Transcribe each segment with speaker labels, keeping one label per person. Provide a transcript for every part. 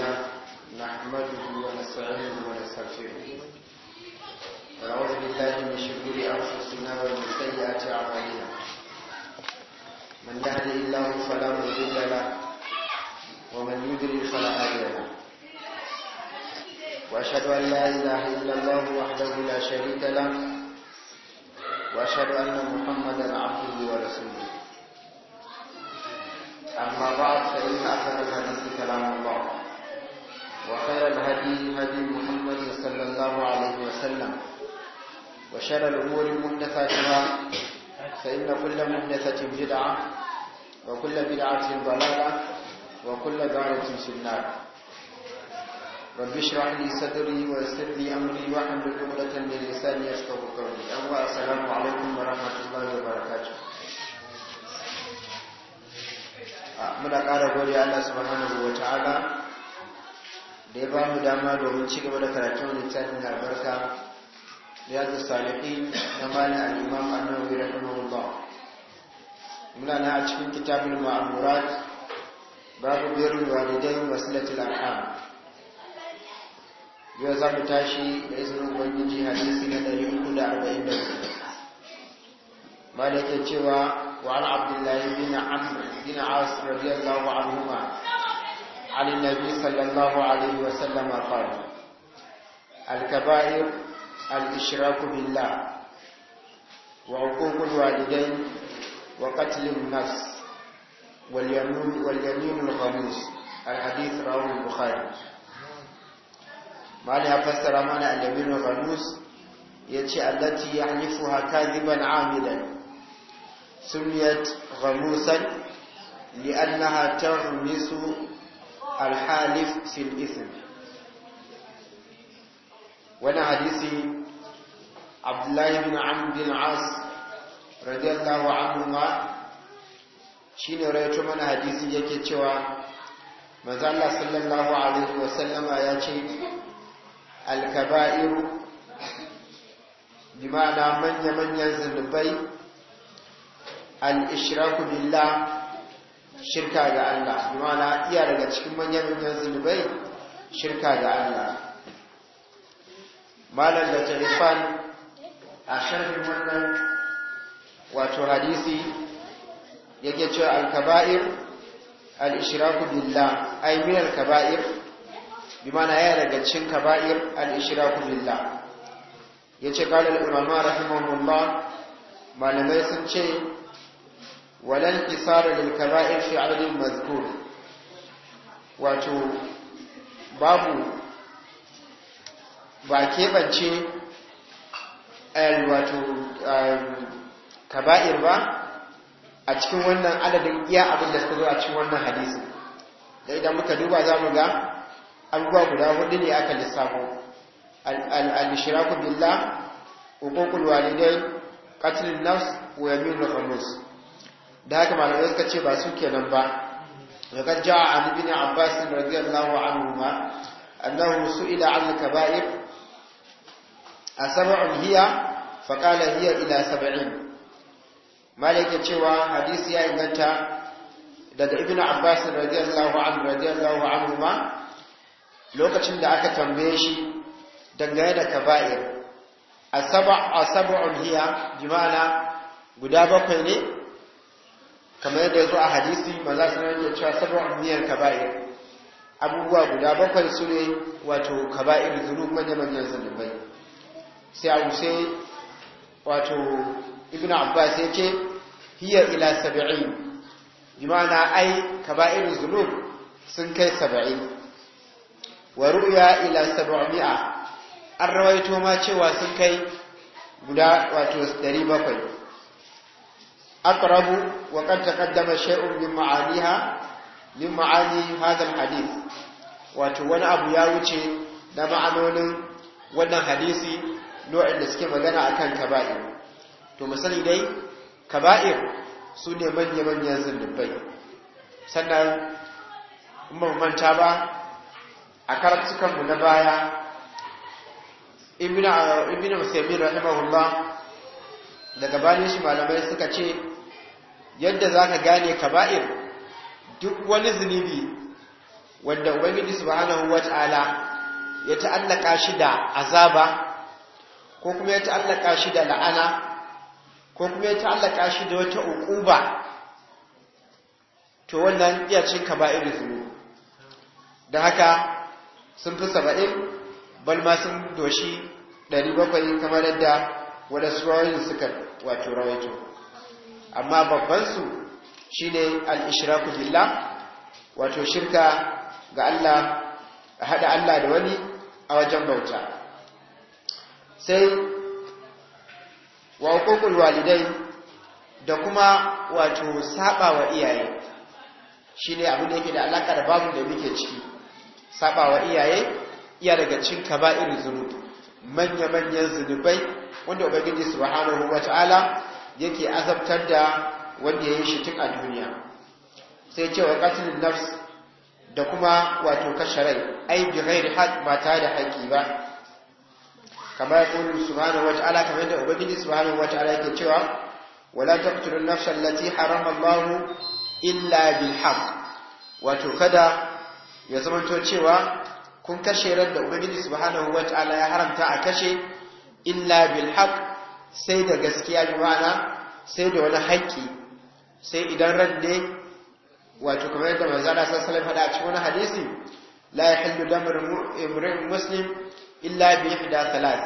Speaker 1: الله نحمده ونستعينه ونستغفره ونعوذ بالله من شرور انفسنا ومن سيئات اعمالنا من يهده الله فلا مضل له ومن يضلل فلا هادي له واشهد ان لا اله الا الله وحده لا شريك له واشهد ان محمدا عبده ورسوله أما بعد فإن أخذ الحديث كلام الله وخير الهدي هدي محمد صلى الله عليه وسلم وشر الأمور محدثاتها فإن كل محدثة بدعة وكل بدعة ضلالة وكل ضلالة في النار رب اشرح لي صدري ويسر لي أمري واحلل عقدة من لساني يفقهوا قولي أما السلام عليكم ورحمة الله وبركاته muna ƙara gode Allah subhanahu wa ta'ala da ya ba mu dama domin ci gaba da karatun littafin albarka riyadu salihin na malin al'imam annabi rahimahullah muna na a cikin kitabin ma'amurat babu birnin walidai wasilatul al'am yau za mu tashi da izinin ubangiji hadisi na ɗari uku da arba'in da da malaka cewa wa Al'Abdullahi abdullahi bin amr bin as radiyallahu anhu عن النبي صلى الله عليه وسلم قال الكبائر الإشراك بالله وعقوق الوالدين وقتل النفس واليمين, واليمين الغموس الحديث رواه البخاري مالها فسر معنى اليمين الغموس يتي التي يحلفها كاذبا عاملا سميت غموسا لأنها تغمس alhalif fil ism wani hadisi abdullahi bin amr bin as radiyallahu anhu ma shine raito mana hadisi yake cewa manzo Allah sallallahu alaihi wa sallama ya ce al-kaba'iru bimana manya manyan zunubai al-ishraku billah shirka ga Allah na iya daga cikin manyan manyan zunubai shirka ga Allah malam da tarifan a sharhin wannan wato hadisi yake cewa al-kaba'ir al-ishraku billah ay min al-kaba'ir bimana ya daga cikin kaba'ir al-ishraku billah yace qala al-ulama rahimahumullah malamai sun ce walan isara lil kaba'ir fi adadin mazkur wato babu ba keɓance wato kaba'ir ba a cikin wannan adadin iya abin da suka zo a cikin wannan hadisi da idan muka duba za mu ga abubuwa guda hudu ne aka lissafo al-shiraku billah uququl walidai qatlun nafs wa yaminul khamus da haka malamai suka ce ba su kenan ba daga ja'a an ibn abbas radiyallahu anhu ma annahu su'ila an kaba'ir asab'un hiya fa qala hiya ila sab'in malaka cewa hadisi ya inganta daga ibn abbas radiyallahu anhu radiyallahu anhu ma lokacin da aka tambaye shi dangane da kaba'ir asab'un hiya jima'ana guda bakwai ne kamar yadda zo a hadisi maza su ne cewa sabon amniyar kaba'ir abubuwa guda bakwai su ne wato kaba'ir zunub manya-manyan zunubai sai a wuce wato ibn abbas ya ce hiyar ila saba'in na ai kaba'ir zunub sun kai saba'in wa ru'ya ila saba'mi'a an rawaito ma cewa sun kai guda wato 700 أقرب وقد تقدم شيء من معانيها من معاني هذا الحديث وتوانا أبو ياوتي نما عنون وانا حديثي نوع النسكي مغانا أكان كبائر to misali dai kaba'ir su ne manya-manyan zunubai sannan manta ba a karatukanmu na baya ibn musaimin rahimahullah daga bayan shi malamai suka ce yadda za ka gane kaba'ir duk wani zunubi wanda ubangiji subhanahu wata'ala ya ta'allaka shi da azaba ko kuma ya ta'allaka shi da la'ana ko kuma ya ta'allaka shi da wata uquba to wannan iya cin kaba'ir zunubi da haka sun fi saba'in balma sun doshi 700 kamar yadda suwa rawayin suka wato rawaito amma babbansu shi ne al'ishiraku billah wato shirka ga Allah a haɗa Allah da wani a wajen bauta sai wa hukukul walidai da kuma wato saba wa iyaye shi ne abin da yake da alaƙa da babu da muke ciki saba wa iyaye iya daga cin ba irin zunubi manya-manyan zunubai wanda ubangiji subhanahu wa ta'ala yake azabtar da wanda ya yi shi tun a duniya sai cewa katilin nafs da kuma wato kashe rai ai bi ghairi haq ba tare da haƙi ba kamar kullu subhanahu wa ta'ala kamar da ubangiji subhanahu wa ta'ala yake cewa wala taqtulun nafsan lati harama Allah illa bil haqq wato kada ya zamanto cewa kun kashe ran da ubangiji subhanahu wa ta'ala ya haramta a kashe illa bil haqq sai da gaskiya bi ma'ana sai da wani haƙƙi sai idan ran ne wato kamar yadda manzala sallallahu alaihi faɗa a cikin wani hadisi la yahillu damar imrin muslim illa bi ihda thalath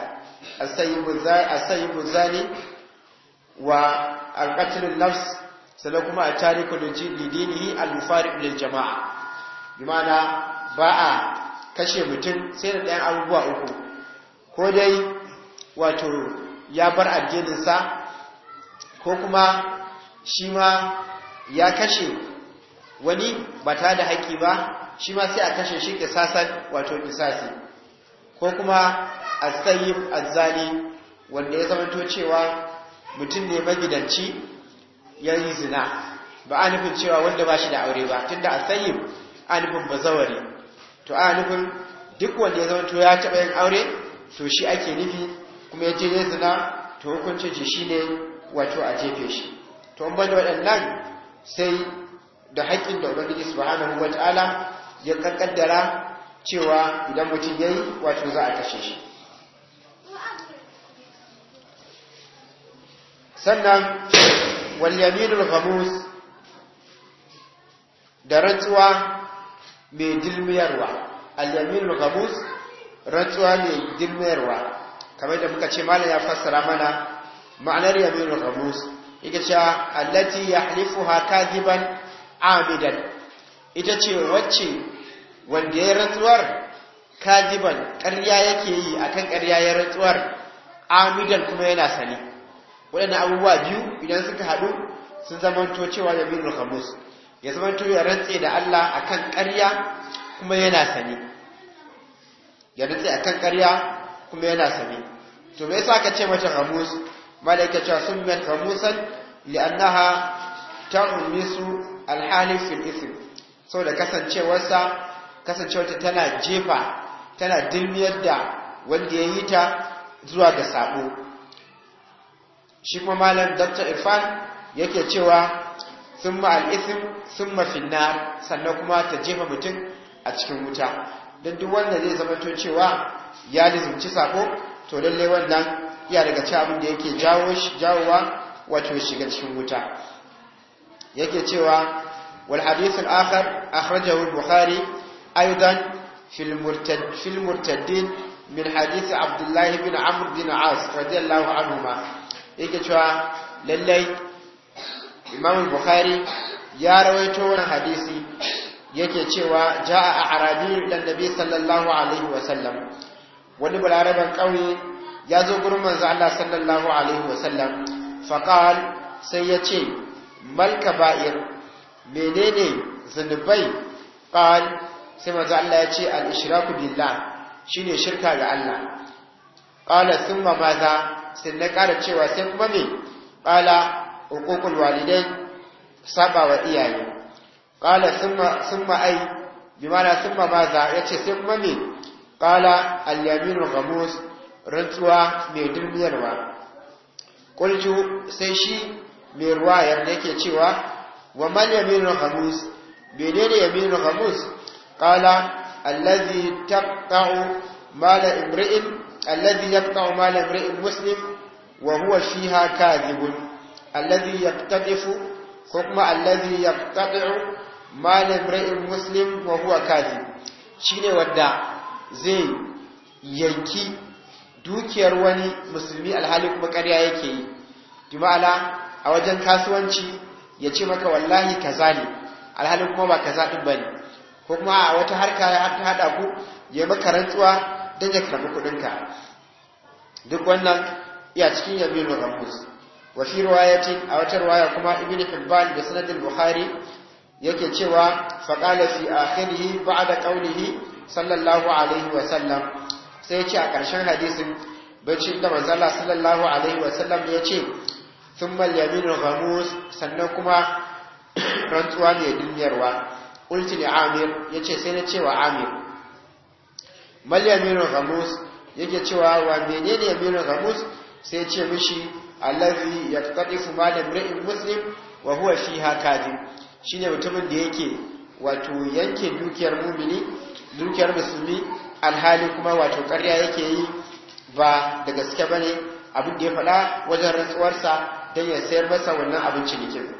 Speaker 1: as-sayyibu zani wa al-qatl nafs sannan kuma a tariku da lidinihi al-mufariq lil jama'a Imana ba'a ba a kashe mutum sai da ɗayan abubuwa uku ko dai wato ya bar addininsa ko kuma shi ma ya kashe wani ba ta da haƙƙi ba shi ma sai a kashe shi kisasan wato kisasi ko kuma asayyib zali wanda ya zamanto cewa mutum ne magidanci ya yi zina ba a nufin cewa wanda ba shi da aure ba tunda asayyib a nufin bazawari to a nufin duk wanda ya zamanto ya taɓa yin aure to shi ake nufi kuma ya je zina to hukuncin shi ne wato a jefe shi to ban da waɗannan sai da haƙƙin da ubangiji subhanahu wataala ya kankaddara cewa idan mutum yayi wato za a kashe shi sannan wal yaminul ghamus da rantsuwa mai dilmiyarwa al-yaminul ghamus rantsuwa mai dilmiyarwa kamar da muka ce malam ya fassara mana ma'anar yaminul ghamus yake cewa allati yahlifuha kadiban amidan ita ce wacce wanda ya rantsuwar kajiban ƙarya yake yi akan ƙarya ya rantsuwar amidan kuma yana sani waɗanda abubuwa biyu idan suka haɗu sun zamanto cewa yaminul ghamus ya zamanto ya rantse da Allah akan ƙarya kuma yana sani ya rantse akan ƙarya kuma yana sani to me yasa ka ce mata ghamus malaika cewa sun mai kamusan li'annaha ta'umisu alhalin fil ism saboda kasancewarsa kasancewarta tana jefa tana dilmiyar da wanda ya yi ta zuwa ga sabo shi kuma malam dr irfan yake cewa sun ma al'isim sun mafinna sannan kuma ta jefa mutum a cikin wuta don duk wanda zai zama to cewa ya lizumci saƙo, to lallai wannan iya daga ci abin da yake jawo jawowa wato shiga cikin wuta yake cewa wal hadith al akhar akhrajahu al bukhari aidan fil murtad fil murtaddin min hadith abdullah ibn amr bin as radiyallahu cewa lallai imam al bukhari ya rawaito wannan hadisi yake cewa ja a'rabi dan nabi sallallahu alaihi wa sallam wani balaraban ƙauye. ya zo gurin manzo Allah sallallahu alaihi fa faqal sai ya ce mal kaba'ir menene zunubai qal sai manzo Allah ya ce al ishraku billah shine shirka ga Allah qala thumma maza sai na ƙara cewa sai kuma me qala uququl walidain saba wa iyaye qala thumma thumma ai mana thumma maza yace sai kuma me qala al yaminu ghamus rantsuwa mai dulmiyarwa ƙulju sai shi mai ruwa yarda yake cewa wa man yaminu hamus menene yaminu hamus qala allazi taqta'u mala imri'in allazi yaqta'u mala imri'in muslim wa huwa fiha kadhibun allazi yaqtadifu ko kuma allazi yaqta'u mala imri'in muslim wa huwa kadhib shine wadda zai yanki dukiyar wani musulmi alhali kuma ƙarya yake yi dumala a wajen kasuwanci ya ce maka wallahi kaza ne alhali kuma ba kaza ɗin ba ne. ko kuma a wata harka ya haɗa ku ya maka rantsuwa don ya karɓi kuɗinka duk wannan iya cikin yaminu ramus wa fi a wata riwaya kuma ibn hibban da sanadin bukhari yake cewa faqala fi akhirih da qawlihi sallallahu alaihi wa sallam sai ya ce a ƙarshen hadisin bacci da manzala sallallahu alaihi wasallam ya ce sun malyamin ghamus sannan kuma rantsuwa ne duniyarwa ulti ne amir ya ce sai na cewa amir malyamin ya yake cewa wa menene yamin ghamus sai ya ce mishi allazi ma da mura'in muslim wa huwa fiha Shi ne mutumin da yake wato yanke dukiyar mumini dukiyar musulmi alhali kuma wato ƙarya yake yi ba da gaske bane abin da ya faɗa wajen rantsuwarsa don ya sayar masa wannan abin cinikin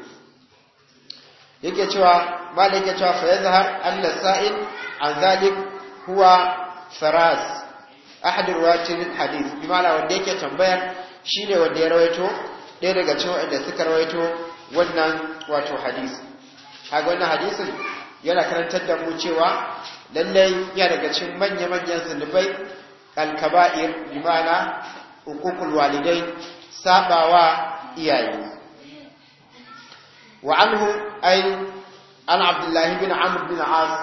Speaker 1: yake cewa da yake cewa fa yazhar anna sa'id an zalik huwa faras Ahadin ruwatin hadith bi ma'ana wanda yake tambayar shi ne wanda ya rawaito ɗaya daga cikin wanda suka rawaito wannan wato hadisi haka wannan hadisin yana karantar da mu cewa lallai ya daga cikin manya-manyan zunubai alkaba'ir limana hukukul walidai sabawa iyaye wa anhu ay an abdullahi bin Amur, bin as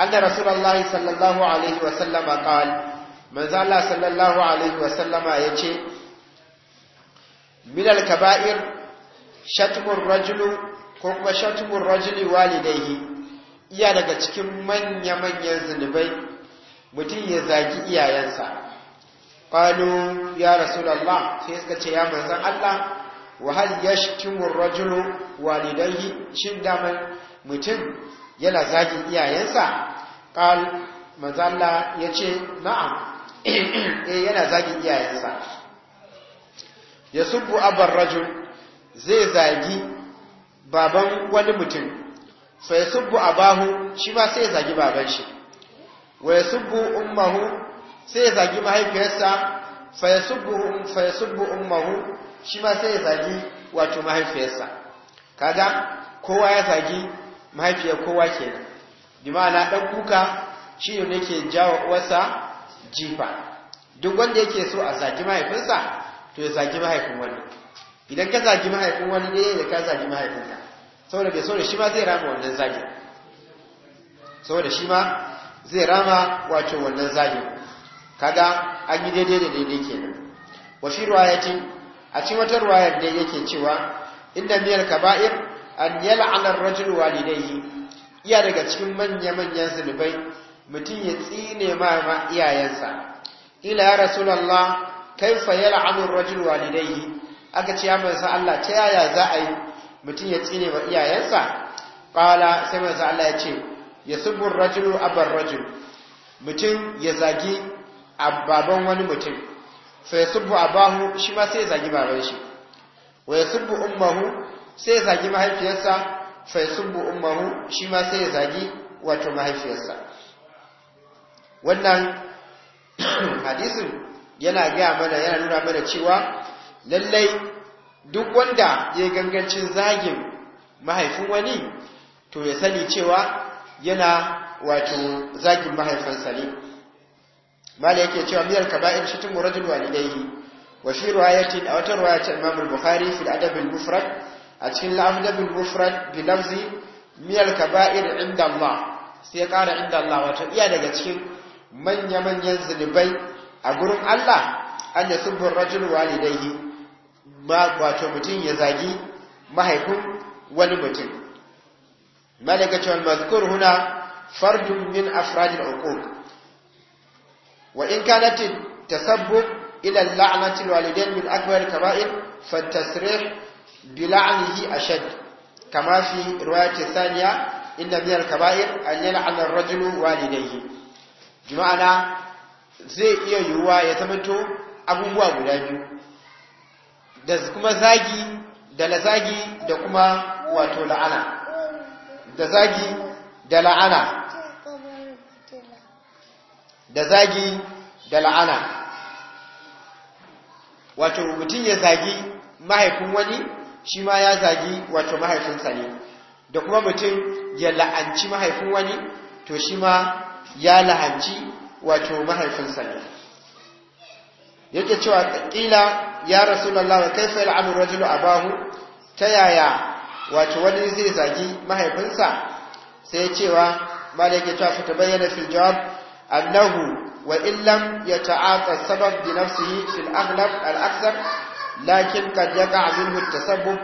Speaker 1: anna rasulallahi sallallahu alaihi wa sallama qala Allah sallallahu alaihi wa sallama ce. min al-kaba'ir shatmur rajulu ko kuma shatmur rajuli walidai iya daga cikin manya-manyan zunubai mutum ya zagi iyayensa ƙwano ya rasulallah sai suka ce ya manzan Allah wahal ya shikimun rajulu walidai shin damar mutum yana zagi iyayensa ƙal manzala ya ce na'am eh yana zagin iyayensa ya subu abar rajul zai zagi baban wani mutum fa subbu abahu shi ma sai ya zagi baban shi wa yasubbu ummuhu sai ya zagi mahaifiyarsa fa yasubbu fa yasubbu ummuhu shi ma sai ya zagi wato mahaifiyarsa kaga kowa ya zagi mahaifiyar kowa kenan bi ma'ana dan kuka shi ne yake jawo uwarsa jifa duk wanda yake so a zagi mahaifinsa to ya zagi mahaifin wani idan ka zagi mahaifin wani ne eh, ya ka zagi mahaifinka saboda bai saboda shi ma zai rama wannan zagin saboda shi ma zai rama wato wannan zagin kaga an yi daidai da daidai kenan wa fi ce a cikin wata riwayar ne yake cewa inda miyar kaba'ir an la'anar rajin rajul walidayhi iya daga cikin manya-manyan zunubai mutum ya tsine ma iyayensa ila ya kai kaifa yal'anu rajin walidai walidayhi aka ce ya Allah ta yaya za a yi mutum ya tsine wa iyayensa ƙwala sai masu Allah ya ce ya ar-rajulu abar rajul mutum ya zagi baban wani mutum fa yasubbu abahu shi ma sai ya zagi baban shi wa ya yasubbu ummuhu sai ya zagi mahaifiyarsa fa yasubbu ummuhu shi ma sai ya zagi wato mahaifiyarsa wannan hadisin yana gaya mana yana nuna mana cewa lallai duk wanda ya gangancin zagin mahaifin wani to ya sani cewa yana wato zagin mahaifinsa ne mali yake cewa miyar kaba'ir shi tun murajul walidaihi wa fi ruwayati a wata ruwayati ta Imam Bukhari fi Adab al-Mufrad a cikin Al-Adab al-Mufrad bi lafzi miyar kaba'ir inda Allah sai ya kara inda Allah wato iya daga cikin manya-manyan zunubai a gurin Allah an yasubbu rajul walidaihi wato mutum ya zagi mahaifin wani mutum malaka cewa mazkur huna fardun min afradin uquq wa in kanat tasabbub ila la'natil walidain min akbar kaba'ir fatasrih bi la'nihi ashad kama fi riwayati thaniya inna al-kaba'ir an yal'ana ar-rajulu walidayhi ma'ana zai iya yiwuwa ya zamanto abubuwa guda biyu da kuma zagi da lazagi da kuma wato la'ana da zagi da la'ana da zagi da la'ana wato mutum ya zagi mahaifin wani shi ma ya zagi wato mahaifinsa ne da kuma mutum ya la'anci mahaifin wani to shi ma ya la'anci wato mahaifinsa ne yake cewa kila ya rasulullahi fa yal'anu rajulu abahu ta yaya wato wani zai zagi mahaifinsa sai cewa mala yake cewa fa tabayyana fil jawab annahu wa in lam yata'ata sabab bi nafsihi fil aghlab al aksar lakin kad yaqa minhu tasabbub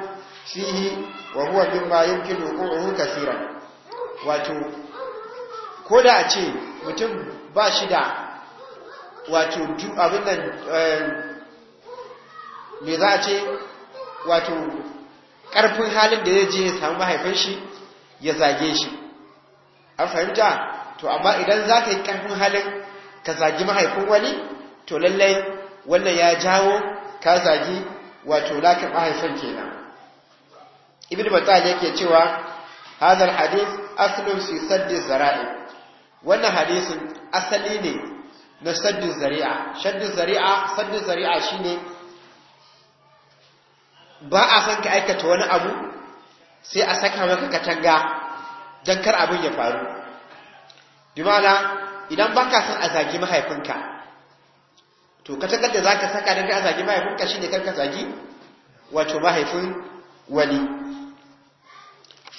Speaker 1: fihi wa huwa mimma yumkin wuquhu kaseeran wato koda a ce mutum ba shi da wato abin nan eh, me za a ce wato ƙarfin halin da ya je ya samu mahaifin shi ya zage shi an fahimta to amma idan za ka yi karfin halin ka zagi mahaifin wani to lallai wannan ya jawo ka zagi wato lakin mahaifin kenan ibn batal yake cewa hadal hadith aslun fi saddi zara'i wannan hadisin asali ne na saddin zari'a saddin zari'a saddin zari'a shine ba a san ka aikata wani abu sai a saka maka katanga don kar abin ya faru dimana idan baka san a zagi mahaifinka to katangar da za ka saka don a zagi mahaifinka shi ne ka zagi wato mahaifin wani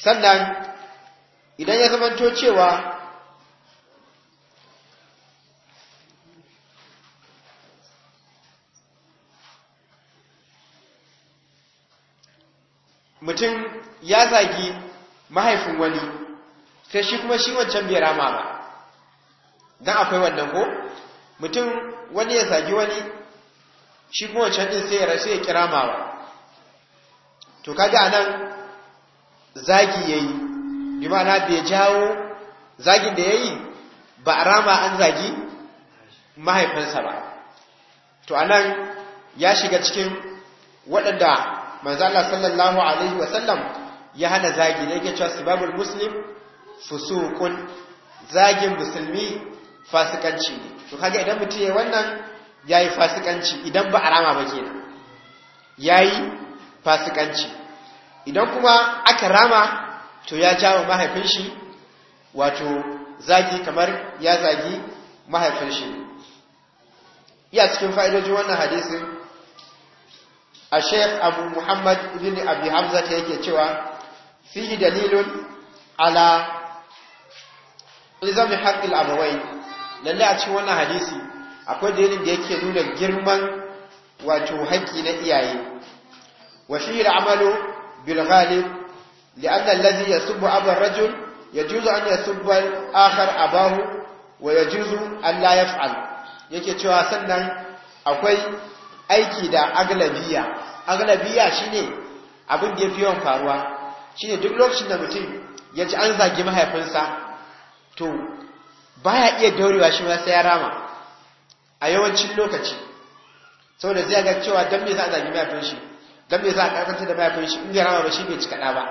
Speaker 1: sannan idan ya zamanto cewa mutum ya zagi mahaifin wani sai shi kuma shi wancan bai rama ba dan akwai wannan ko mutum wani ya zagi wani shi kuma wancan din sai ya rasu ya kira mawa to kaga anan zagi yayi yi ma'ana bai jawo zagin da ya yi ba a rama an zagi mahaifinsa ba to a nan ya shiga cikin waɗanda manzo Allah sallallahu alaihi wa sallam ya hana zagi ne yake cewa sababul muslim fusuqun zagin musulmi fasikanci to kaga idan mutum yayi wannan yayi fasikanci idan ba arama ba kenan yayi fasikanci idan kuma aka rama to ya jawo mahaifin shi wato zagi kamar ya zagi mahaifin shi iya cikin fa'idojin wannan hadisin a shek abu muhammad ibn abi hamza ta yake cewa fihi dalilun ala ilzami haqqil abawai lalle a cikin wannan hadisi akwai dalilin da yake nuna girman wato haƙƙi na iyaye wa fihi al'amalu bil ghalib li'anna alladhi yasubbu aba ar-rajul yajuzu an yasubba al-akhar abahu wa yajuzu an la yaf'al yake cewa sannan akwai aiki da aglabiya aglabiya shine abin da yafi yawan faruwa shine duk lokacin da mutum ya ci an zagi mahaifinsa to baya iya daurewa shi ma sai ya rama a yawancin lokaci saboda zai ga cewa dan me za a zagi mahaifin shi dan me za a karkanta da mahaifin shi in ya rama ba shi bai cika da ba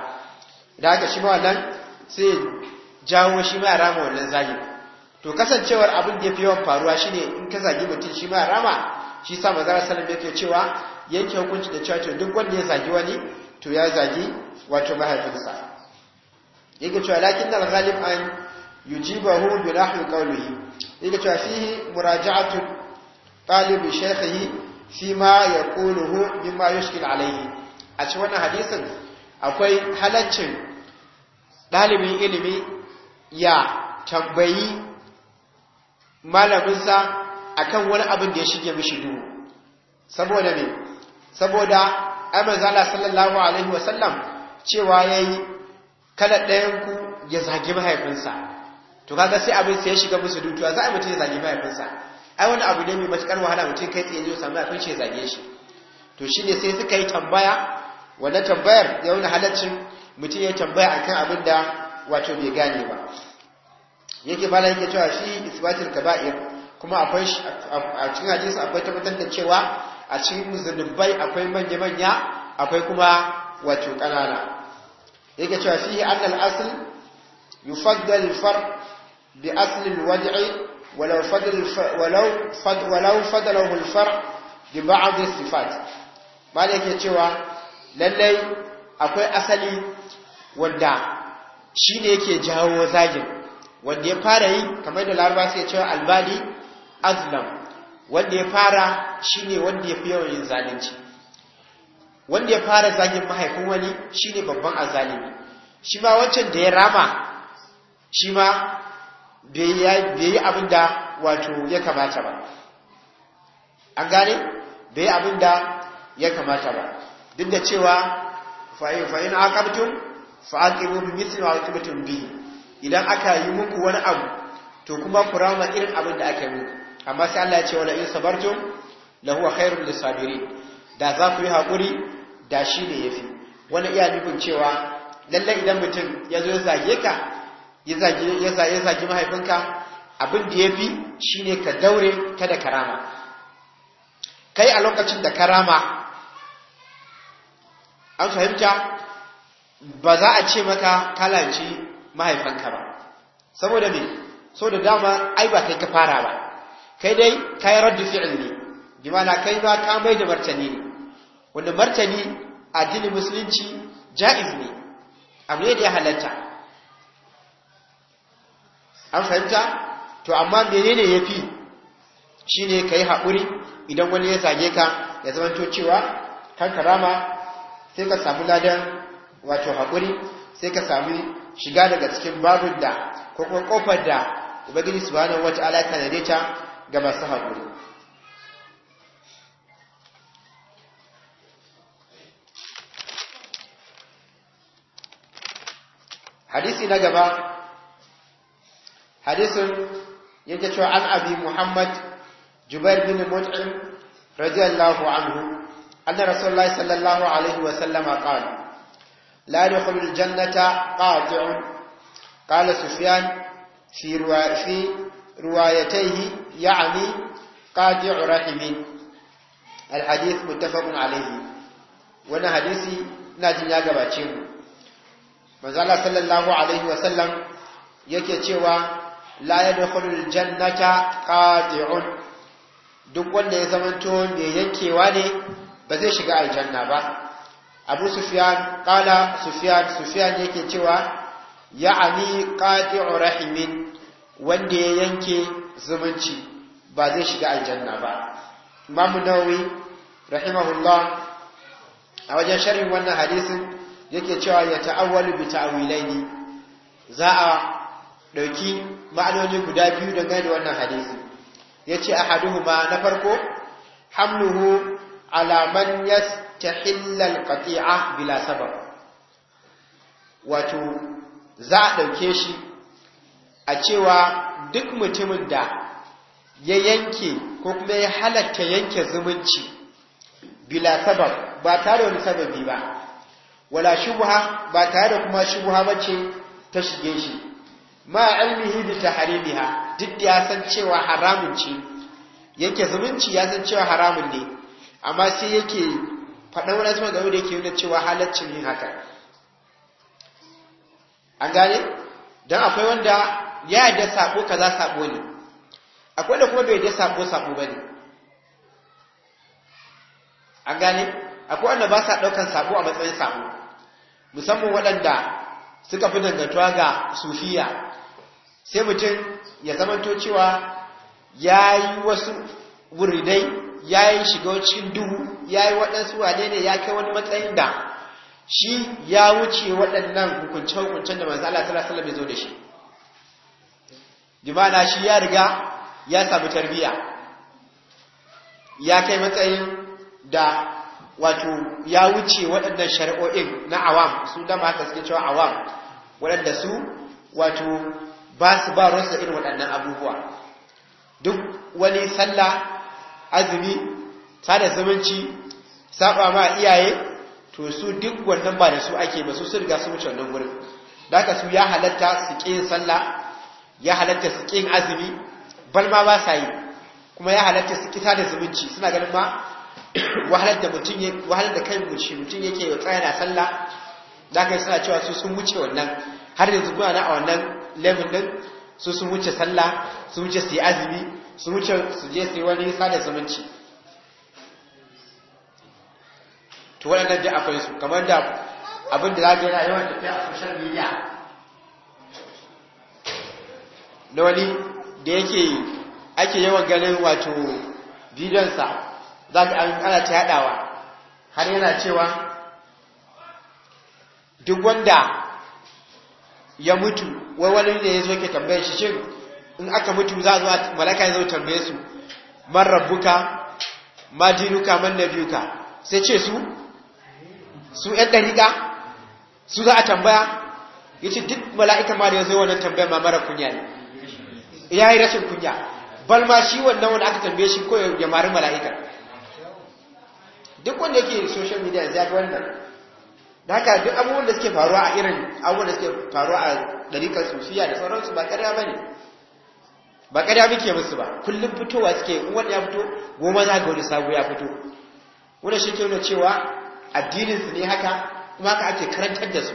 Speaker 1: da haka shi ma wannan sai jawo shi ma rama wannan zagi to kasancewar abin da yafi yawan faruwa shine in ka zagi mutum shi ma rama shi sa a sanar yake cewa yanke hukunci da cewa duk wanda ya zagi wani to ya zagi wato mahaifinsa yake cewa lakin dal ghalib an yujibahu bi nahwi qawlihi yake cewa fihi muraja'atu talib shaykhihi fi ma yaquluhu mimma yushkil alayhi a cikin wannan hadisin akwai halaccin ɗalibin ilimi ya tambayi malaminsa akan wani abin da ya shige mishi duhu saboda ne saboda amazala sallallahu alaihi wasallam cewa yayi kada ɗayan ku ya zagi mahaifinsa to kaga sai abin sai ya shiga musu duhu za a mutum ya zagi mahaifinsa ai wani abu ne mai matukar wahala mutum kai tsaye zai samu mahaifin shi ya zage shi to shine sai suka yi tambaya wannan tambayar ya wani halaccin mutum ya tambaya akan abin da wato bai gane ba yake bala yake cewa shi isbatul kaba'ir kuma akwai a cikin hadisi akwai tabbatar da cewa a cikin zunubai akwai manya-manya akwai kuma wato ƙanana yake cewa fihi annal asl yufaddal al-far bi asl al-wad'i walau fadal walau fad walau fadalahu al-far bi ba'd sifat bale yake cewa lallai akwai asali wanda shine yake jawo zagin wanda ya fara yi kamar da laraba sai cewa albali azlam wanda ya fara shine wanda ya fi yawan yin zalunci wanda ya fara zagin mahaifin wani shine babban azalimi shi ma wancan da ya rama shi ma bai yi abin da wato ya kamata ba an gane bai yi abin da ya kamata ba duk da cewa fa'in akabtum fa'aqibu bi mithli wa aqibtum bi. idan aka yi muku wani abu to kuma ku rama irin abin da aka yi muku amma sai Allah ya ce wala in sabartum huwa khairul lisabirin da za ku yi hakuri da shi ne yafi Wani iya nufin cewa lalle idan mutum ya zo ya zage ka ya zage ya zage ya zage mahaifinka abin da yafi shine ka daure da karama kai a lokacin da karama an fahimta ba za a ce maka kalanci mahaifanka ba saboda me da dama ai ba kai ka fara ba kai dai kai raddu fi'il ne bi na kai ma ka mai da martani ne wanda martani addinin musulunci ja'iz ne abu ne da ya halatta an fahimta to amma menene yafi shine yi haƙuri idan wani ya zage ka ya zama to cewa kan karama sai ka samu ladan wato haƙuri sai ka samu shiga daga cikin babu da ko kuma kofar da ubangiji subhanahu wata'ala ta ta ga masu haƙuri hadisi na gaba hadisin yake cewa an abi muhammad jubair bin mut'im radiyallahu anhu anna rasulullahi sallallahu alaihi wa sallama qala لا يدخل الجنة قاطع قال سفيان في, روا في روايتيه يعني قاطع رحم الحديث متفق عليه وانا حديثي ناجي يا غباچين mu manzo Allah sallallahu alaihi wasallam yake cewa la yadkhulul jannata qati'un duk wanda ya zama zamanto me yankewa ne ba zai shiga aljanna ba Abu Sufyan qala Sufyan Sufyan yake cewa ya ya'ani qati'u rahimin wanda ya yanke zumunci ba zai shiga aljanna ba imamu nawawi rahimahullah a wajen sharhin wannan hadisin yake cewa ya ta'awwalu bi ne, za a dauki ma'anoni guda biyu da gani wannan hadisi yace ahaduhuma na farko hamluhu ala man yastahilla al bila sabab wato za a dauke shi a cewa duk mutumin da ya yanke ko kuma ya halatta yanke zumunci bila sabab ba tare wani sababi ba wala shubha ba tare da kuma shubha bace ta shige shi ma ilmihi bi taharimiha duk ya san cewa haramun ce yake zumunci ya san cewa haramun ne amma sai yake faɗa wani asma game da yake nuna cewa halaccin yin haka an gane dan akwai wanda ya yarda sabo kaza sabo ne akwai da kuma bai da sabo sabo bane a gane akwai wanda ba sa daukan sabo a matsayin sabo musamman waɗanda suka fi dangantuwa ga sufiya sai mutum ya zamanto cewa ya yi wasu wuridai ya yi shiga cikin duhu ya yi waɗansu wane ne ya kai wani matsayin da shi ya wuce waɗannan hukunce-hukuncen da manzo Allah sallallahu alaihi wasallam zo da shi dimana shi ya riga ya sami tarbiya ya kai matsayin da wato ya wuce waɗannan shari'o'in na awam su da ta suke cewa awam waɗanda su wato ba su ba ruwansa irin waɗannan abubuwa duk wani sallah azumi sada zumunci saba ma iyaye to su duk wannan ba da su ake ba su riga su wuce wannan wurin, da su ya halatta su ƙi yin sallah ya halatta su ƙin azumi balma ba sa yi kuma ya halatta su kita da zumunci suna ganin ma wahalar da mutum ya wahalar da kai mutum mutum yake ya tsaya na sallah da kai suna cewa su sun wuce wannan har yanzu kuma na a wannan level din su sun wuce sallah su wuce su yi azumi su wuce su je su yi wani sada zumunci to waɗannan da akwai su kamar da abin da za ga yana yawan tafiya a social media na wani da yake ake yawan ganin wato bidiyonsa za ka an ana ta yadawa har yana cewa duk wanda ya mutu wai wani ne ya zo ke tambayar shi shin in aka mutu za a zo malaka ya zo tambaye su man rabbuka ma dinuka man nabiyuka sai ce su su ɗan ɗariƙa su za a tambaya ya ce duk mala'ika ma da ya zo wannan tambayar ma mara kunya ne ya yi rashin kunya bal ma shi wannan wanda aka tambaye shi ko ya mari mala'ika duk wanda yake social media ya ga wannan da haka duk abubuwan da suke faruwa a irin abubuwan da suke faruwa a dariƙar sufiya da sauransu ba ƙarya ba ne ba ƙarya muke musu ba kullum fitowa suke wani ya fito goma za ga wani sabo ya fito Wani shi ke nuna cewa su ne haka kuma haka ake karantar da su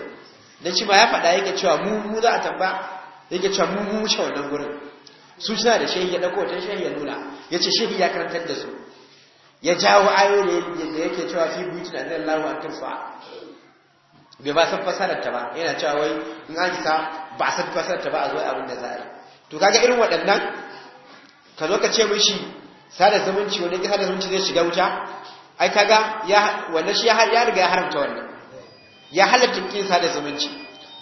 Speaker 1: da shi ba ya faɗa yake cewa mu mu za a tamba yake cewa mu mu wuce wannan gurin su suna da shehi ya ɗauko ta shehi ya nuna ya ce shehi ya karantar da su ya jawo ayo da yake cewa fi da zai lahu a kirfa bai ba san fasarar ta ba yana cewa wai in an sa ba san fasarar ta ba a zo abin da za a yi to kaga irin waɗannan ka zo ka ce mishi sada zumunci wani ƙasa da zumunci zai shiga wuta ai kaga ya wannan shi ya riga ya haramta wannan ya halatta kin sada zumunci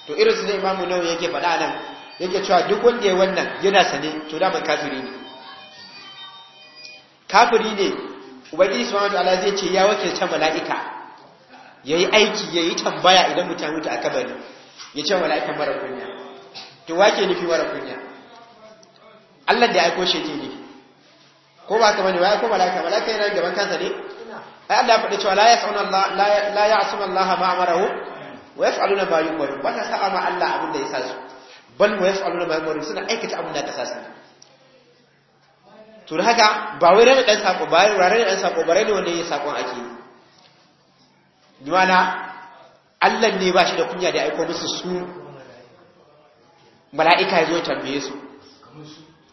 Speaker 1: to irin su ne imamu nawawi yake faɗa nan yake cewa duk wanda ya wannan yana sane to dama kafiri ne kafiri ne ubangiji subhanahu wataala zai ce ya wakilta mala'ika yayi aiki yayi tambaya idan mutane ta mutu a kabari ya ce mala'ika mara kunya to wake nufi mara kunya Allah da ya aiko shi ne ko ba ka bane wa aiko mala'ika mala'ika yana gaban kansa ne ai Allah faɗi cewa la yas'una Allah la ya'suna Allah ma amara hu wa yaf'aluna ma yu'maru ba ta sa'a ma Allah abin da ya sa su bal wa yaf'aluna ma yamuru suna aikata abin da ka to da haka ba wai rana dan sako ba wai rana dan sako bare ne wanda ya sakon ake jama'a Allah ne ba shi da kunya da aiko musu su mala'ika ya zo ya tambaye su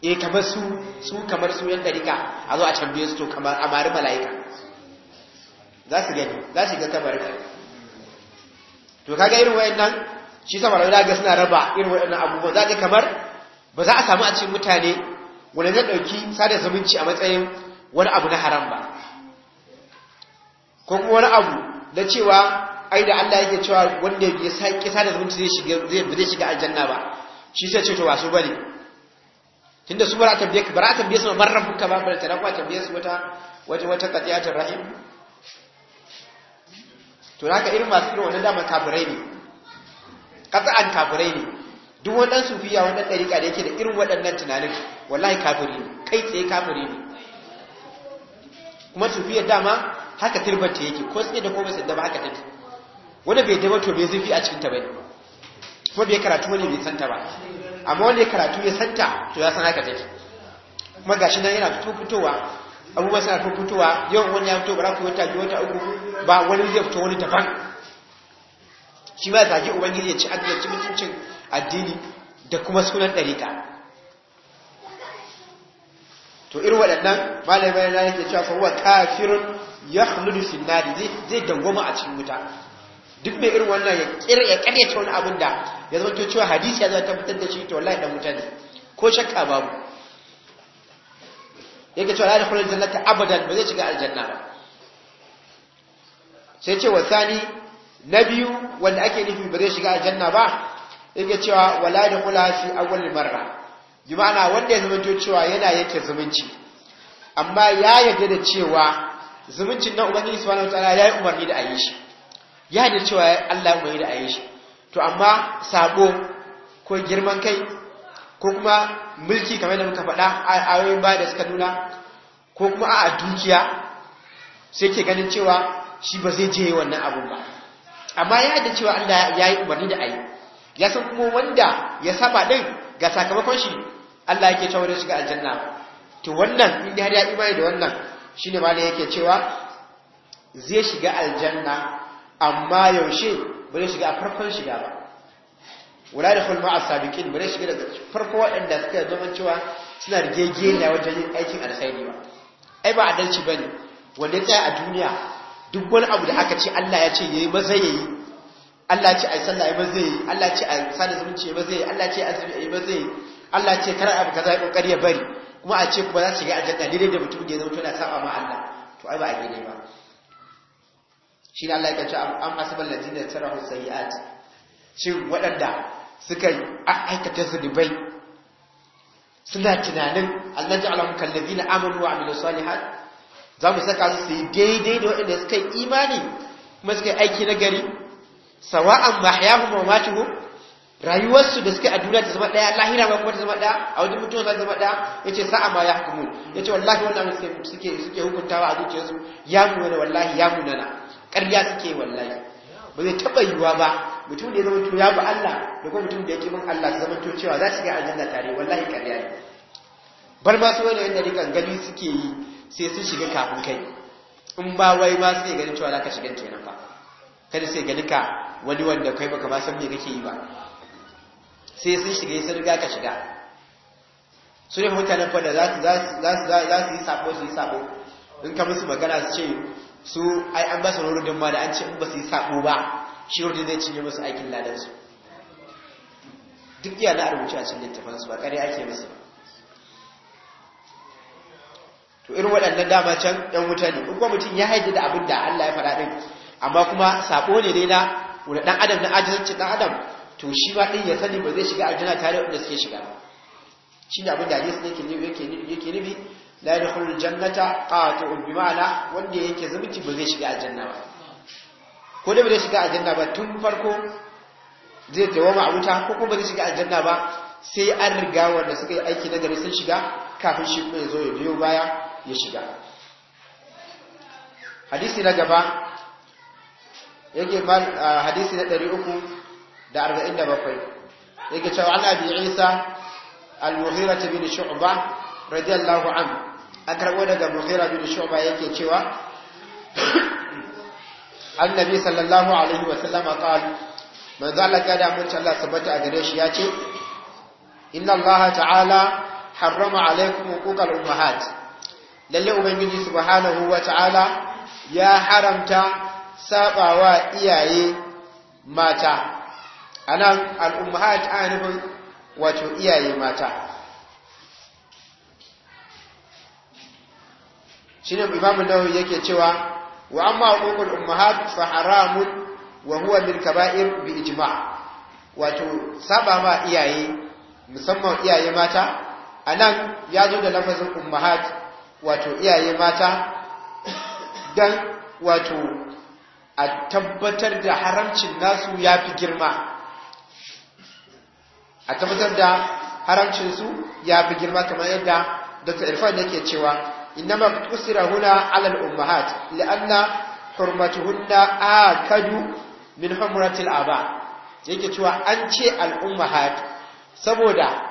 Speaker 1: eh kamar su su kamar su yan dariƙa a zo a tambaye su to kamar amari mala'ika za su gani za su ga kamar to kaga irin wayannan shi sama da zaga suna raba irin waɗannan abubuwan zaga kamar ba za a samu a cikin mutane wani zai ɗauki sada zumunci a matsayin wani abu na haram ba ko kuma wani abu na cewa ai da Allah yake cewa wanda ya saki sada zumunci zai shiga zai shiga aljanna ba shi sai ce to ba su bane tunda su bara tabbiyar ka bara tabbiyar su barran fuka ba bara tana kuma su wata wata wata qatiyatur rahim to haka irin masu irin wannan dama kafirai ne qat'an kafirai ne duk wannan sufiya wannan dariƙa da yake da irin waɗannan tunanin wallahi kafiri ne kai tsaye kafiri ne kuma sufiya dama haka tirbanta yake ko sai da komai sadda ba haka take wanda bai dama to bai zufi a cikin ta bai kuma bai karatu wani bai santa ba amma wanda ya karatu ya santa to ya san haka take kuma gashi nan yana fito fitowa abubuwa suna fito fitowa yau wani ya fito ba za ku wata biyu wata uku ba wani zai fito wani daban shi ma zage ubangiji ya ci ya mutuncin addini da kuma sunan ɗarika to irin waɗannan malamai na yake cewa fa huwa kafirun yakhludu fi nari zai dangoma a cikin wuta duk mai irin wannan ya kira ya kade ta wani abin da ya zama to cewa hadisi ya zama tabbatar da shi to wallahi dan wuta ne ko shakka babu yake cewa la da jannata abadan ba zai shiga aljanna ba sai ce wa sani na biyu wanda ake nufi ba zai shiga aljanna ba yake cewa wala da kula fi awwal marra jima'ana wanda ya zamanto cewa yana yake zumunci amma ya yarda da cewa zumuncin nan ubangiji subhanahu wataala ya yi umarni da ayi shi ya yarda cewa Allah ya umarni da ayi shi to amma sabo ko girman kai ko kuma mulki kamar da muka faɗa a ayoyin baya da suka nuna ko kuma a dukiya sai ke ganin cewa shi ba zai je wannan abun ba amma ya da cewa Allah ya yi umarni da ayi ya san kuma wanda ya saba din ga sakamakon shi Allah yake cewa da shiga aljanna to wannan in da har ya imani da wannan shine ma yake cewa zai shiga aljanna amma yaushe ba shiga a farkon shiga ba wala da hulma a sabiƙin ba shiga daga farko waɗanda suka zaman cewa suna da wajen yin aikin alkhairi ba ai ba adalci ba ne wanda ya tsaya a duniya duk wani abu da aka ce Allah ya ce yayi zai yi Allah ce ai sallah yayi zai yi Allah ce ai sada zumunci yayi zai yi Allah ce azumi yayi zai yi Allah ce kar abu kaza yayi kokari ya bari kuma a ce kuma za su shiga aljanna daidai da mutum da ya zama tana saba ma Allah to ai ba a daidai ba shi ne Allah ya kace an hasabal ladina tarahu sayiat shin waɗanda suka aikata zunubai suna tunanin Allah ja'alahum kallazina amanu wa amilus salihat za mu saka su yi daidai da waɗanda suka yi imani kuma suka yi aiki na gari sawa'an ma mace ko, rayuwarsu da suka a duniya ta zama ɗaya lahira ba kuma ta zama ɗaya a wajen mutuwa ta zama ɗaya ya ce sa'a ma ya hukumu ya ce wallahi wannan suke suke hukuntawa a zuciyarsu ya mu wani wallahi ya mu nana ƙarya suke wallahi ba zai taɓa yiwuwa ba mutum da ya zama to ya bi Allah da kuma mutum da ya min Allah ta zama to cewa za su ga aljanna tare wallahi ƙarya ne bar ma su wani yadda rikan gani suke yi sai sun shiga kafin kai in ba wai ba sai ganin cewa za ka shiga kenan fa kada sai gani ka wani wanda kai baka ba san me kake yi ba sai sun shiga sai riga ka shiga su ne mutanen fa da za su za su yi sabo su yi sabo in ka musu magana su ce su ai an ba su rurudin ma da an ce in ba su yi sabo ba shi rurudin zai cinye musu aikin ladansu duk iya na rubuce a cikin littafansu ba kare ake musu ba to irin waɗannan dama can ɗan wuta ne kuma mutum ya haidu da abin da Allah ya faɗa ɗin amma kuma saɓo ne dai na wani ɗan adam na ajiyarci ɗan adam to shi ba ɗin ya sani ba zai shiga aljanna tare da suke shiga shi ne abin da hadisi yake nufi yake nufi la yadkhulul jannata ƙawata bi ma'ana wanda yake zumunci ba zai shiga aljanna ba ko da ba zai shiga aljanna ba tun farko zai tawo a wuta ko kuma ba zai shiga aljanna ba sai an riga wanda suka yi aiki na gari sun shiga kafin shi kuma ya zo ya biyo baya ya shiga hadisi na gaba yake hadisi na 347 yake cewa an abi isa al-mughira bin shu'ba radiyallahu anhu an karbo daga mughira bin shu'ba yake cewa annabi sallallahu alaihi wa sallam qala manzo Allah kada mun Allah sabata a gare shi yace inna Allah ta'ala harrama alaikum huquqal ummahat lalle ubangiji subhanahu wata'ala ya haramta sabawa iyaye mata anan al-ummahat anifin wato iyaye mata shine imamu da yake cewa wa amma huququl ummahat fa haramun wa huwa min kaba'ir bi ijma' wato sabawa iyaye musamman iyaye mata anan ya zo da lafazin ummahat wato iyaye mata don wato a tabbatar da haramcin nasu ya fi girma a tabbatar da haramcinsu ya fi girma kamar yadda dr irfan yake cewa innama kusira huna alal ummahat li'anna hurmatuhunna akadu min hamratil aba yake cewa an ce al ummahat saboda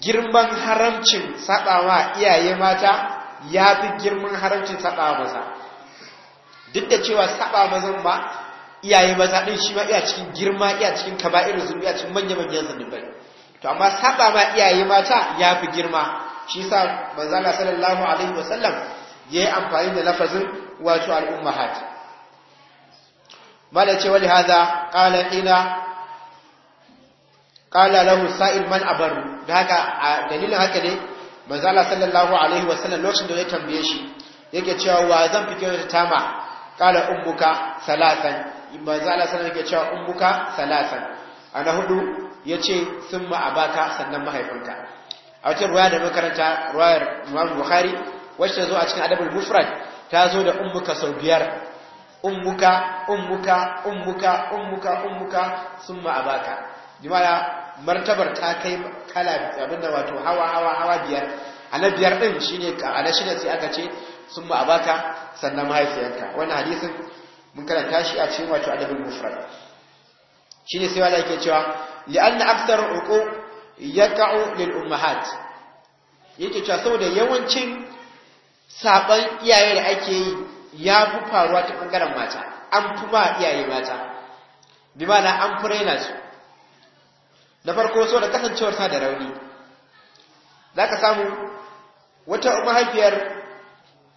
Speaker 1: girman haramcin saɓawa iyaye mata ya fi girman haramcin saɓawa maza duk da cewa saɓa mazan ba iyaye maza ɗin shi ma iya cikin girma iya cikin kaba'ir zunubi iya cikin manya-manyan zunubai to amma saɓa ma iyaye mata ya fi girma shi sa manzala sallallahu alaihi wasallam ya yi amfani da lafazin wato al'ummahat mala ce wani haza ƙala ila kala lahu sa'il man abaru da haka a dalilin haka ne manzo Allah sallallahu alaihi wasallam lokacin da ya tambaye shi yake cewa wa zan fi kyauta tama qala ummuka salasan manzo Allah sallallahu yake cewa ummuka salasan ana hudu yace summa abaka sannan mahaifinka a wata ruwaya da karanta ruwayar Imam Bukhari wacce zo a cikin Adabul Mufrad ta zo da ummuka sau biyar ummuka ummuka ummuka ummuka ummuka ma abaka jama'a martabar ta kai kala da wato hawa hawa hawa biyar a na biyar ɗin shine a na shida sai aka ce sun ba baka sannan mahaifiyarka Wani hadisin mun kana tashi a cikin wato adabin mufrad ne sai wala yake cewa li'an na li'anna uku ya yaqa'u lil ummahat yake cewa saboda yawancin saban iyaye da ake yi ya fi faruwa ta bangaren mata an fi ma iyaye mata bi ma'ana an fi raina su na farko so da kasancewar sa da rauni za ka samu wata mahaifiyar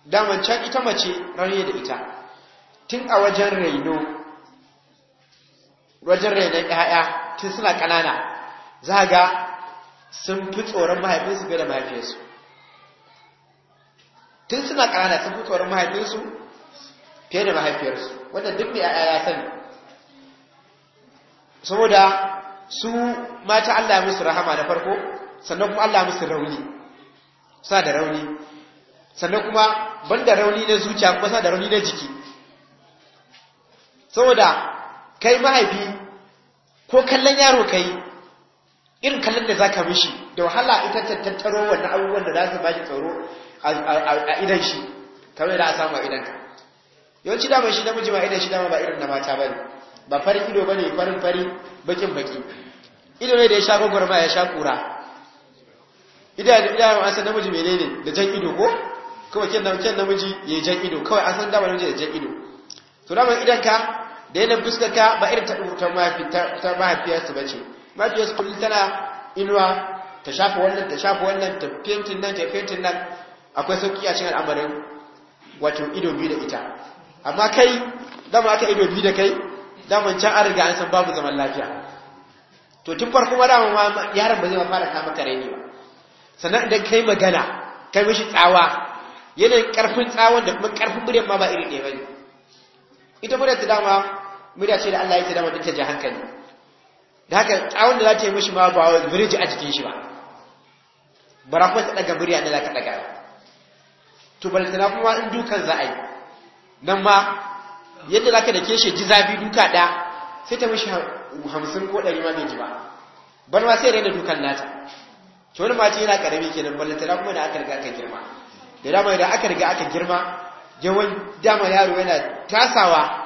Speaker 1: daman can ita mace rauni da ita tun a wajen raino wajen rainon ‘ya'ya tun suna ƙanana za ga sun fi tsoron mahaifinsu fiye da mahaifinsu tun suna ƙanana sun fi tsoron mahaifinsu fiye da mahaifiyarsu wanda duk mai ‘ya'ya ya sani saboda su mata Allah musu rahama da farko sannan kuma Allah musu rauni sa da rauni sannan kuma banda rauni na zuciya kuma sa da rauni na jiki saboda kai mahaifi ko kallon yaro kai irin kallon da za ka mishi da wahala ita tattaro wannan abubuwan da za su shi tsoro a idan shi kamar da a samu a idan ka yawanci damar shi namiji ma idan shi damar ba irin na mata bane ba farin ido ba ne farin fari bakin baki ido ne da ya sha gwagwarma ya sha kura idanun an san namiji ne da jan ido ko kuma kyan namiji ya jan ido kawai an san damar namiji da jan ido to damar idan ka da yanar fuskar ka ba irin ta mahaifiyarsu ba ce mahaifiyarsu kullum tana inuwa ta shafa wannan ta shafa wannan ta fentin nan ta fentin nan akwai sauƙi a cikin al'amarin wato ido biyu da ita amma kai dama aka ido biyu da kai daman can an riga an san babu zaman lafiya to tun farko ma daman yaron ba zai fara kama kare ne ba sannan idan kai magana kai mishi tsawa yanayin karfin tsawon da kuma karfin muryar ma ba iri ɗaya bane ita muryar ta dama murya ce da Allah ya ta dama ta ji hankali da haka tsawon da za ta yi mishi ma ba wa birji a jikin shi ba bara kuma ta daga murya ne za ka daga to balantana kuma in dukan za a yi nan ma yadda za ka da shi ji zafi duka ɗaya sai ta mishi hamsin ko ɗari ma bai ji ba ban ma sai raina dukan nata to wani mace yana karami kenan ballantana kuma da aka riga aka girma da dama da aka riga aka girma yawan dama yaro yana tasawa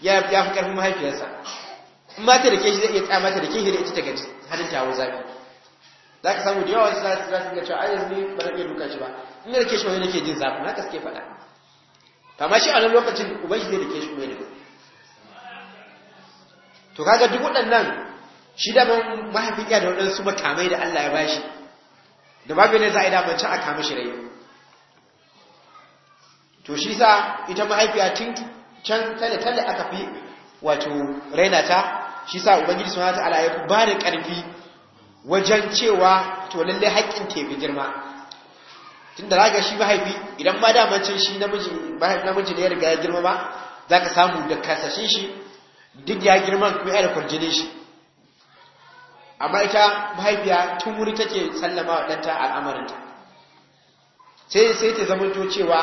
Speaker 1: ya fi karfin mahaifiyarsa in mata da ke zai iya tsaya mata da ke shi da ita ta gaji hannun ta hau zafi za ka samu da yawa wasu za su ga cewa ai ba na iya duka shi ba in da ke shi wani nake jin zafi na ka suke faɗa kama shi a nan lokacin uban shi zai dake shi kuma to kaga duk waɗannan shi da mahaifin iya da waɗansu makamai da Allah ya bashi da babu ne za a yi damanci a kama shi rai to shi sa ita mahaifiya tun can talle aka fi wato rainata shi sa ubangiji suna ta ala ya ba da ƙarfi wajen cewa to lalle haƙƙin ke fi girma tunda raga shi mahaifi idan ma daman can shi namiji namiji ne ya riga ya girma ba zaka samu da kasashin shi duk ya girma kuma ya da kwarjinin shi amma ita mahaifiya tun wuri take sallama wa ɗanta al'amarinta sai sai ta to cewa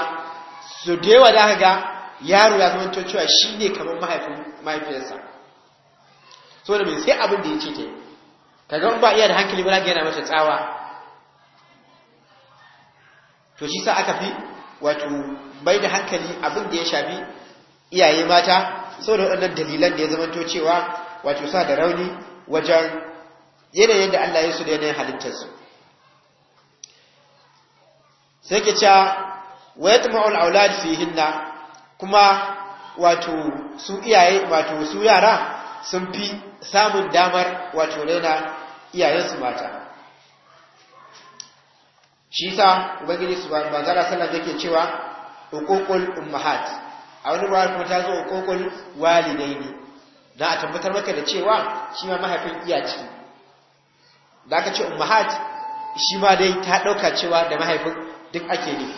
Speaker 1: su da da ga yaro ya to cewa shi ne kamar mahaifin mahaifiyarsa saboda mai sai abin da ya ce ta yi kaga ba iya da hankali ba yana mata tsawa to shi sa aka fi wato bai da hankali abin da ya shafi iyaye mata saboda waɗannan dalilan da ya zamanto cewa wato sa da rauni wajen yanayin da Allah ya su da yanayin halittarsu sai ke cewa wa yatma'ul aulad hinna kuma wato su iyaye wato su yara sun fi samun damar wato raina iyayensu mata shi sa ubangiji su ba zara zai ke cewa hukukul ummahat a wani ruwa kuma ta zo hukukul ne. don a tabbatar maka da cewa shi ma mahaifin iya ciki da aka ce ummahat shi ma dai ta ɗauka cewa da mahaifin duk ake ne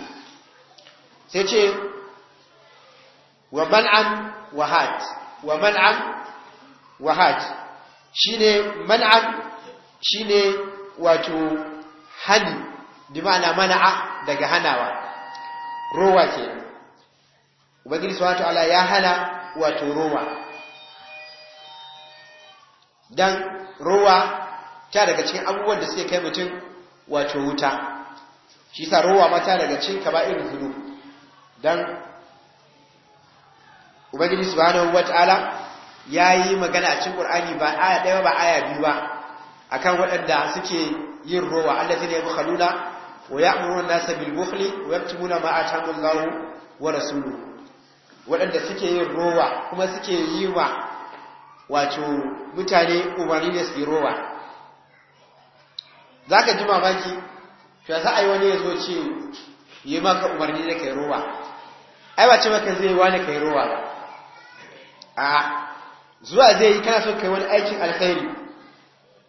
Speaker 1: sai ce wa man'am wahat wa man'am wahat shine man'am shine wato hani bi ma'ana mana'a daga hanawa rowa ke ubangiji subhanahu ta'ala ya hana wato ruwa. dan ruwa ta daga cikin abubuwan da suke kai mutum wato wuta shi sa ruwa ma ta daga cikin kaba'irul hudu dan ubangiji subhanahu ya yayi magana a cikin qur'ani ba aya ɗaya ba aya biyu ba akan waɗanda suke yin rowa allazina yabkhuluna wa ya'muruna nasa bil bukhli wa yaktubuna ma ataahu Allahu wa rasuluhu waɗanda suke yin rowa kuma suke yi wa wato mutane umarni ne su yi rowa zaka ji mamaki to za a yi wani ya zo ce yi maka umarni da kai rowa ai ba ce maka zai wani kai rowa ba a zuwa zai yi kana so kai wani aikin alkhairi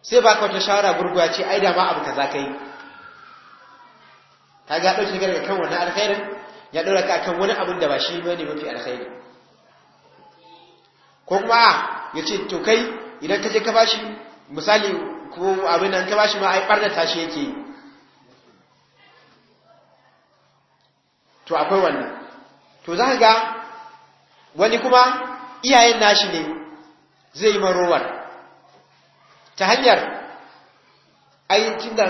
Speaker 1: sai ba ka wata shawara gurguwa ce ai da ma abu kaza kai kaga ya dauke daga kan wannan alkhairin ya daura ka kan wani abin da ba shi bane mafi alkhairi ko kuma ya ce to kai idan ka je ka bashi misali ko abin nan ka bashi ma ai barna tashi yake to akwai wannan to za ga wani kuma iyayen nashi ne zai yi marowar ta hanyar ayyukin da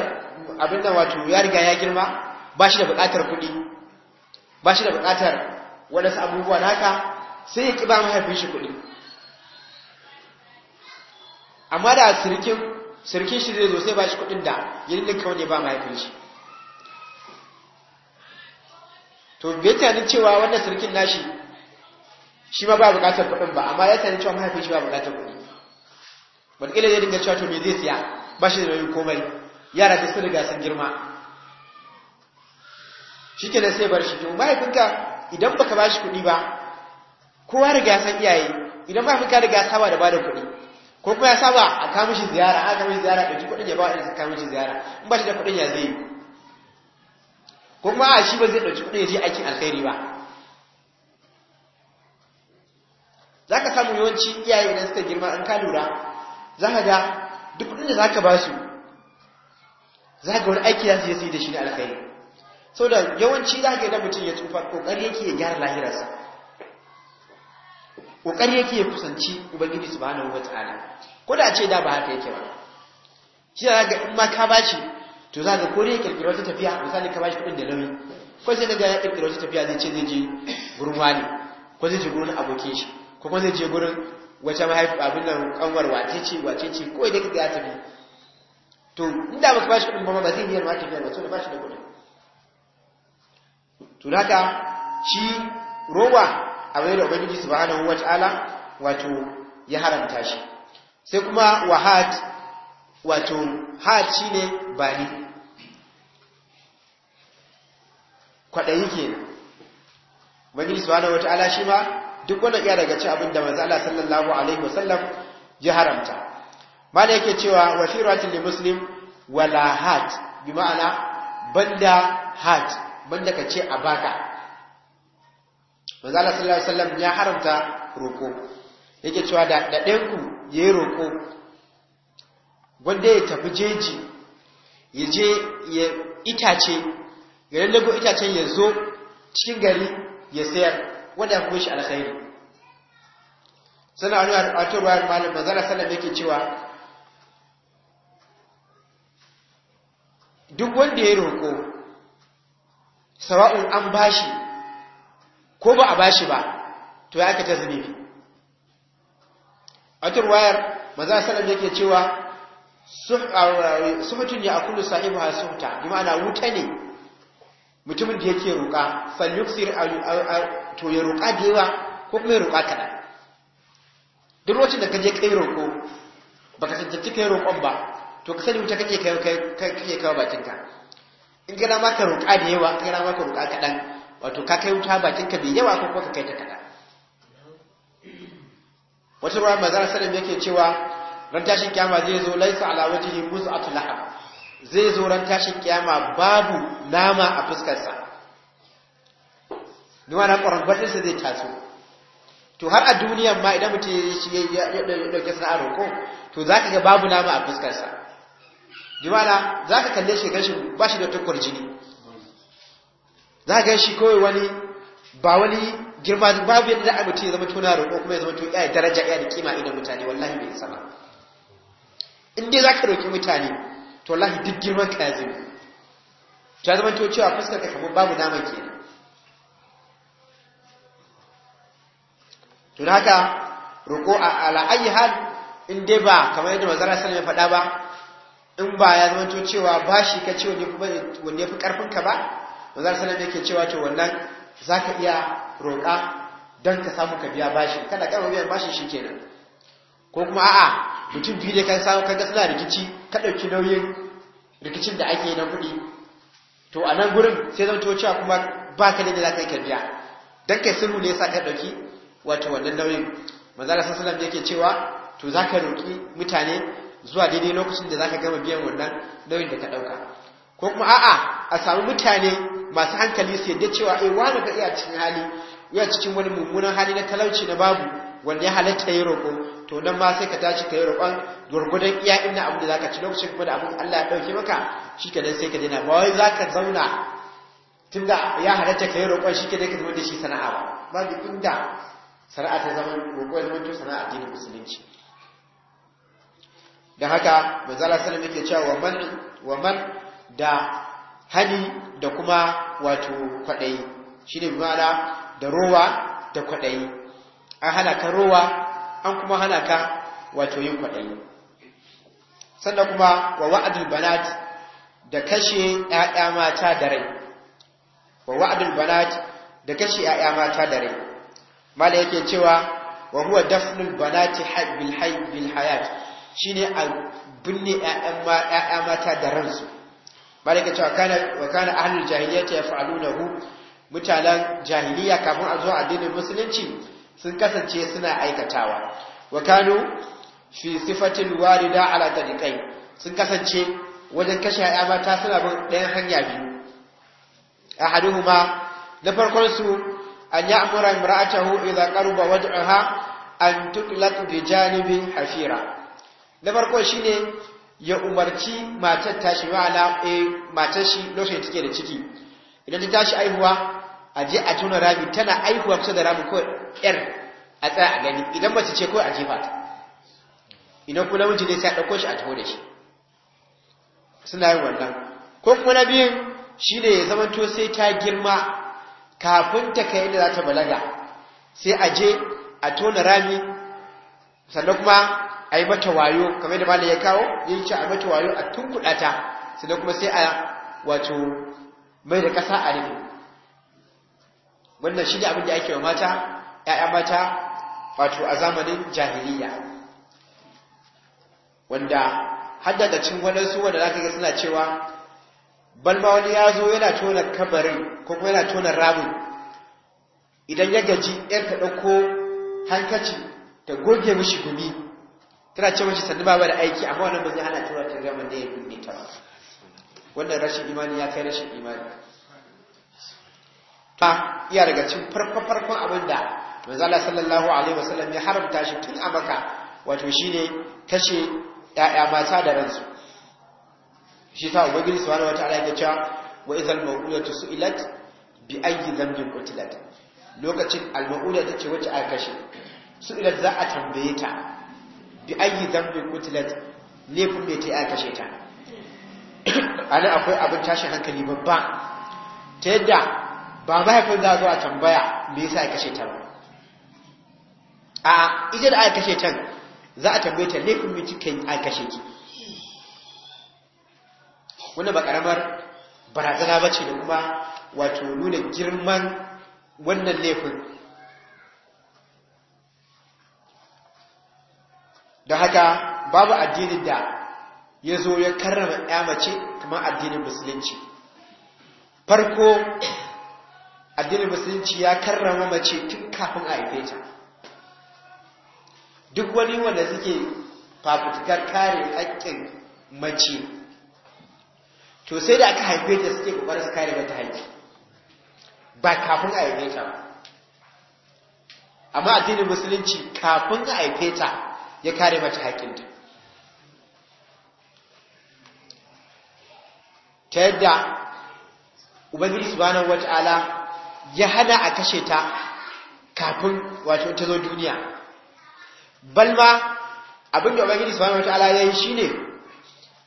Speaker 1: abin da wato ya riga ya girma ba shi da buƙatar kuɗi ba shi da buƙatar waɗansu abubuwa na haka sai ya ƙi ba mahaifin shi kuɗi amma da sirkin sirkin shi zai zo sai ba shi kuɗin da ya ninka wani ya ba mahaifin shi to bai tani cewa wannan sirkin nashi shi ma ba buƙatar kuɗin ba amma ya tani cewa mahaifin shi ba buƙatar kuɗi wataƙila zai dinga cewa to me zai siya ba shi da nauyin komai yara da sun riga sun girma shike da sai bar shi to mahaifinka idan baka bashi kuɗi ba kowa riga san iyaye idan mahaifinka riga saba da bada kuɗi ko kuma ya saba a kama shi ziyara a kama shi ziyara ɗauki kuɗin ya ba wa kama shi ziyara in ba shi da kuɗin ya zai ko kuma a shi ba zai ɗauki kuɗin ya je aikin alkhairi ba za ka samu yawanci iyaye idan suka girma an ka lura za ka ga duk kuɗin da za ka ba su za ka ga wani aiki za su yi da shi na alkhairi so da yawanci za ka idan mutum ya tsufa ƙoƙari yake ya gyara lahirarsa ƙoƙari yake ya kusanci ubangiji subhanahu wataala ko da ce da ba haka yake ba shi da ga in ma ka bashi to za ka kore ya kirkiro wata tafiya misali ka bashi kuɗin da nauyi ko sai daga ya kirkiro wata tafiya zai ce zai je gurin wani ko zai je gurin abokin shi ko kuma zai je gurin wata mahaifi abin nan kanwar wace ce wace ce ko idan ka ga tafi to inda ba shi kuɗin ba ba zai yi yarma tafiyar ba to da shi da kuɗin tunaka shi rowa wani da ubangiji subhanahu wataala wato ya haramta shi sai kuma wahat wato hat shine bani wani jisu ubangiji subhanahu wataala shi ma duk wanda ya daga ci abin da manzo sallallahu alaihi wasallam ya haramta da yake cewa wa da muslim wala hat bi ma'ana banda hat banda ka ce a baka manzo Allah sallallahu alaihi wasallam ya haramta roko yake cewa da da ya yayi roko wanda ya tafi jeji ya je ya itace ya lallago itacen ya zo cikin gari ya sayar wanda ya shi alkhairi sana wani a turwa malam manzo Allah sallallahu yake cewa duk wanda ya roko sawa'un an bashi ko ba a bashi ba to ya aka ta zunubi a cikin wayar maza sanar da ke cewa suhutun ya akulu sa'ibu ha suhuta bi ma'ana wuta ne mutumin da yake ruka falyuksir to ya ruka dewa ko kuma ya ruka kada duk lokacin da kaje je kai roƙo baka tantance kai roƙon ba to ka sani wuta kake kai kake kawo bakinka in gina maka roƙa da yawa gina maka roƙa kaɗan wato ka kai wuta bakin ka bai yawa ko kuma ka kai ta kaɗan wata ruwa zara sanin yake cewa ran tashin kyama zai zo laisa ala musu a tulaha zai zo ran tashin kyama babu nama a fuskarsa ni na ƙwarangwatin sa zai taso to har a duniyan ma idan mutum ya dauke sana'ar roƙo to za ka ga babu nama a fuskarsa jimala za ka kalle shi gashi ba shi da tukur jini za ka gashi kawai wani ba wani girma babu yadda da mutum ya zama tuna roƙo kuma ya zama tuna ya daraja ya da kima idan mutane wallahi mai sama ba in dai za ka roƙi mutane to wallahi duk girman ka ya zama ta zama to cewa fuskar ka kamar babu nama kenan to haka roƙo a ala'ayi hal in dai ba kamar yadda mazara sallallahu ya faɗa ba in ba ya zama to cewa ba shi ka ce wanda ya fi ƙarfinka ba wanzar salam yake cewa to wannan za ka iya roƙa don ka samu ka biya shi kada ka biyan ba shi kenan ko kuma a'a mutum biyu ne ka samu ka ga rikici ka ɗauki nauyin rikicin da ake na kuɗi to a nan gurin sai zama to cewa kuma ba ka ne da za ka yi ka biya don kai sulhu ne sa ka ɗauki wato wannan nauyin manzara sassalam yake cewa to za ka roƙi mutane zuwa daidai lokacin da zaka gama biyan wannan nauyin da ka dauka ko kuma a'a a samu mutane masu hankali su yadda cewa eh wani fa iya cikin hali iya cikin wani mummunan hali na talauci na babu wanda ya halatta ya roƙo to nan ma sai ka tashi ka yi roƙon gurgudan iya inda abin da zaka ci lokacin kuma da abin Allah ya dauke maka shikenan sai ka daina ba wai zaka zauna tunda ya halatta ka yi roƙon shi ka zama da shi sana'a ba babu inda sana'a ta zama roƙon zama to sana'a addinin musulunci Da haka manzala sallam yake cewa wa man wa man da hani da kuma wato kwaɗayi shine bi ma'ana da rowa da kwaɗayi an hana ka rowa an kuma hana ka wato yin kwaɗayi sannan kuma wa wa'adul banat da kashe ƴaƴa mata da rai wa wa'adul banat da kashe ƴaƴa mata da rai mala yake cewa wa huwa dafnul banati bil hayat ne a binne ‘ya'ya mata da ransu ba da cewa wa kana jahiliya ta ya hu, mutanen jahiliya kafin a zuwa addinin musulunci sun kasance suna aikatawa wa kano, fi sifatin alata da kai sun kasance wajen kashe ‘ya'ya mata suna bin ɗayan hanya biyu A ahaduhuma na farkon su an ya'mura imra'atahu ba qaruba wad'aha an da janibin hafira na farko shi ne ya umarci matar tashi wa ala eh, matar shi lokacin take da ciki idan ta tashi aihuwa a je a tona rami tana aihuwa kusa da rami ko yar a tsaya a gani idan su ce ko a jefa ta idan kuma wuce ne sai a ɗauko shi a taho da shi suna yin wannan ko kuma na biyun shi ne ya zama to sai ta girma kafin ta kai inda za ta balaga sai a je a tona rami sannan kuma a yi mata wayo kamar da malam ya kawo ya yi ce a mata wayo a tun kudata sannan kuma sai a wato mai da kasa a rufe wannan shi ne abin da ake wa mata ‘ya'ya mata wato a zamanin jahiliya wanda haddada cin waɗansu wanda za ka ga suna cewa balma wani ya zo yana tona kabarin, ko kuma yana tona ramin idan ya gaji ‘yar ta ɗauko hankaci ta goge mishi gumi tana ce mace sannu ba da aiki amma wannan ba ana hana ta wata gama da ya binne ta ba wannan rashin imani ya kai rashin imani ta iya daga cikin farko farkon abin da manzala sallallahu alaihi wasallam ya haramta shi tun a maka wato shi ne kashe ƴaƴa mata da ransu shi ta ubangiji subhanahu wata alaƙa cewa wa idhal su ilat bi ayyi zambin qutilat lokacin al ta ce wacce aka kashe Su ilat za a tambaye ta bi ayi dhanbin ne laifin da ta yi kashe ta ana akwai abin tashin hankali babba ta yadda ba mahaifin za zuwa tambaya me yasa aka sheta ba a ita da aka sheta za a tambaye ta laifin me kika yi aka kashe ki wannan ba karamar barazana ba ce da kuma wato nuna girman wannan laifin Da haka babu addinin da ya zo ya karrama ɗamace mace kamar addinin musulunci farko addinin musulunci ya karrama mace tun kafin a haife ta duk wani wanda suke fafutukar kare haƙƙin mace to sai da aka haife ta suke kokarin su kare mata haƙƙi ba kafin a haife ta ba amma addinin musulunci kafin a haife ta ya kare mata haƙinta ta yadda ubangiji subhanahu wata'ala ya hana a kashe ta kafin wato ta zo duniya balma abinda ubangiji subhanahu wata'ala ya yi shine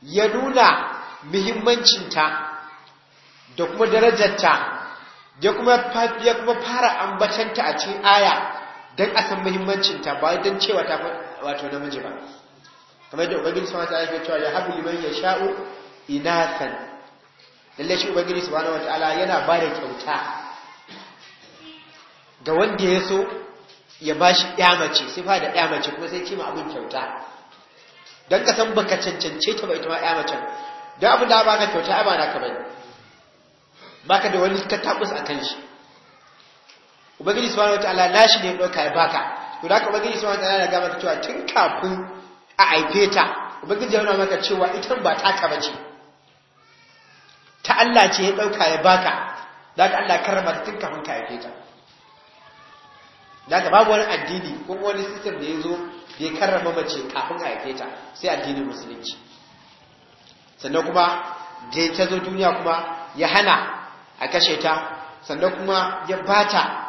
Speaker 1: ya nuna muhimmancinta da kuma darajarta ya kuma ya fara ambatanta a cikin aya don a san muhimmancinta ba don cewa ta wato namiji ba kamar da ubangiji subhanahu wataala yake cewa ya habu liman yasha'u inathan lalle shi ubangiji subhanahu wataala yana ba da kyauta ga wanda ya so ya bashi ɗya mace sifa da ɗyamace mace kuma sai ce abin kyauta don ka san baka cancance ta bai tuma ɗyamacen macen don abin da ka kyauta ai ba na ka bane baka da wani ka tabus a kan shi ubangiji subhanahu wataala lashi ne ya ɗauka ya baka to da ka ubangiji subhanahu wataala ya gama cewa tun kafin a aife ta ubangiji yana maka cewa ita ba taka bace ta Allah ce ya ɗauka ya baka da ka Allah karama ta tun kafin ka aife ta da ka babu wani addini ko wani system da ya zo da ya karrama mace kafin a aife ta sai addinin musulunci sannan kuma da ta zo duniya kuma ya hana a kashe ta sannan kuma ya bata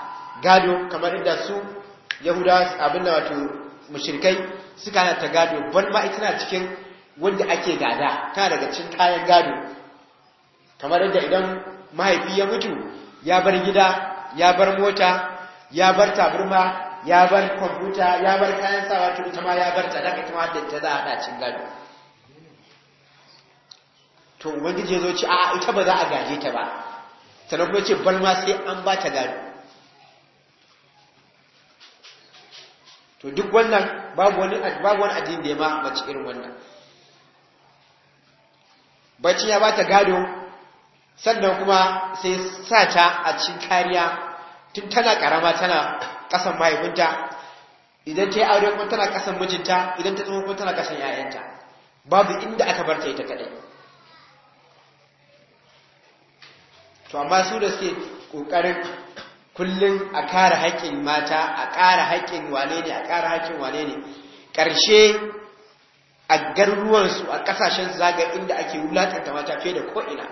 Speaker 1: gado kamar inda su yahuda abin da wato mashirikai suka hana ta gado ban ma ita cikin wanda ake gada ta daga cikin kayan gado kamar yadda idan mahaifi ya mutu ya bar gida ya bar mota ya bar taburma ya bar kwamfuta ya bar kayan sawa tun ta ma ya bar ta daga ita da ta za a gado to ubangiji ya zo ci a ita ba za a gaje ta ba sannan kuma ce balma sai an ba ta gado to duk wannan babu wani babu wani addini da ya ma mace irin wannan bacci ya bata gado sannan kuma sai sa ta a cikin kariya tun tana karama tana kasan mahaifinta idan ta yi aure kuma tana kasan mijinta idan ta tsohon kuma tana kasan 'ya'yanta babu inda aka bar ta ita kadai to amma su da suke kokarin kullum a kare haƙƙin mata a ƙara haƙƙin wane ne a ƙara haƙƙin wane ne ƙarshe a garuruwansu a ƙasashen zaga inda ake wulatanta mata fiye da ko'ina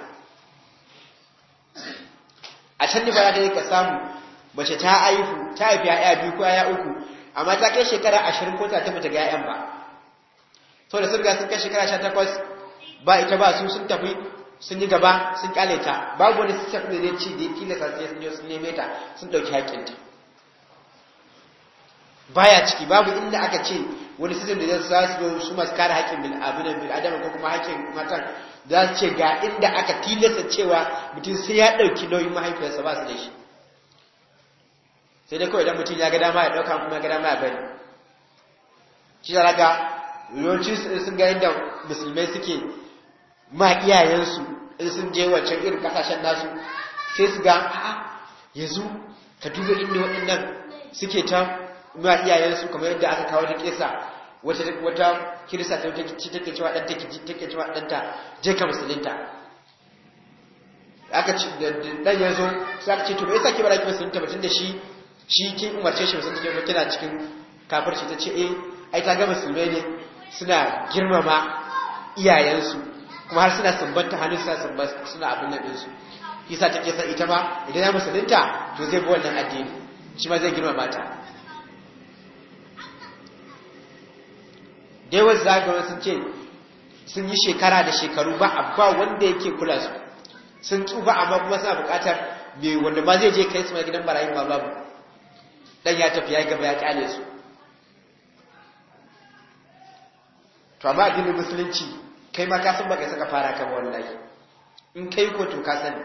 Speaker 1: a can ba ta ka samu mace ta haifu ta haifi ya biyu ko ya uku amma ta kai shekara ashirin ko ta tafi ta ga ba to da sun ga sun kai shekara sha takwas ba ita ba su sun tafi sun yi gaba sun kyale ta babu wani system da zai ci da ya tilasta sai sun yi sun neme ta sun dauki haƙƙin ta baya ciki babu inda aka ce wani system da za su zo su masu kare haƙƙin bil abin bil adam ko kuma haƙƙin matan za su ce ga inda aka tilasta cewa mutum sai ya dauki nauyin mahaifiyarsa ba su da shi sai dai kawai idan mutum ya ga dama ya dauka kuma ga dama ya bari shi da raga yawanci sun ga inda musulmai suke ma iyayensu in sun je wancan irin kasashen nasu sai su ga a'a yanzu ka duba inda waɗannan suke ta ma iyayensu kamar yadda aka kawo ta kesa wata wata kirista ta take take cewa dan take take cewa danta je ka musulunta aka ce dan yanzu sai aka ce to me yasa ke bara ki musulunta mutun da shi shi kin umarce shi musulunta ke kina cikin kafirci ta ce eh ai ta ga musulmai ne suna girmama iyayensu kuma har suna sumbanta hannu suna sambanta suna abin da ɗinsu isa ta kesa ita ma idan ya musulunta to zai bi wannan addini shi ma zai girma mata da yawan zagawa sun ce sun yi shekara da shekaru ba abba wanda yake kula su sun tsufa amma kuma suna buƙatar mai wanda ma zai je kai su mai gidan barayin ma babu dan ya tafi ya gaba ya kyale su to amma addinin musulunci kai ma kasan baka saka fara ka wallahi in kai ko to ka sani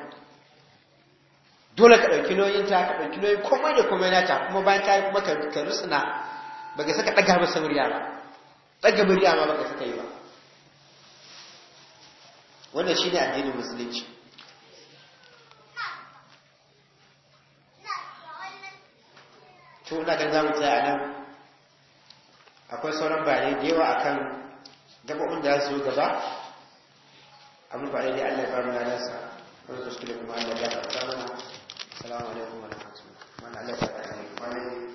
Speaker 1: dole ka ɗauki noyin ta ka ɗauki nauyin komai da komai na ta kuma bayan ta kuma ka rusuna baka saka ɗaga ba sauriya ba daga buriya ma baka saka yi ba wannan shi ne addinin musulunci to na kan zamu tsaya nan akwai sauran bayanai da yawa akan daga gaɓaɓin ya su gaba abu ba daidai allah ya ba mu ladansa wani kuskure kuma allah ya karɓa mana assalamu alaikum wa rahmatullahi wa barakatuh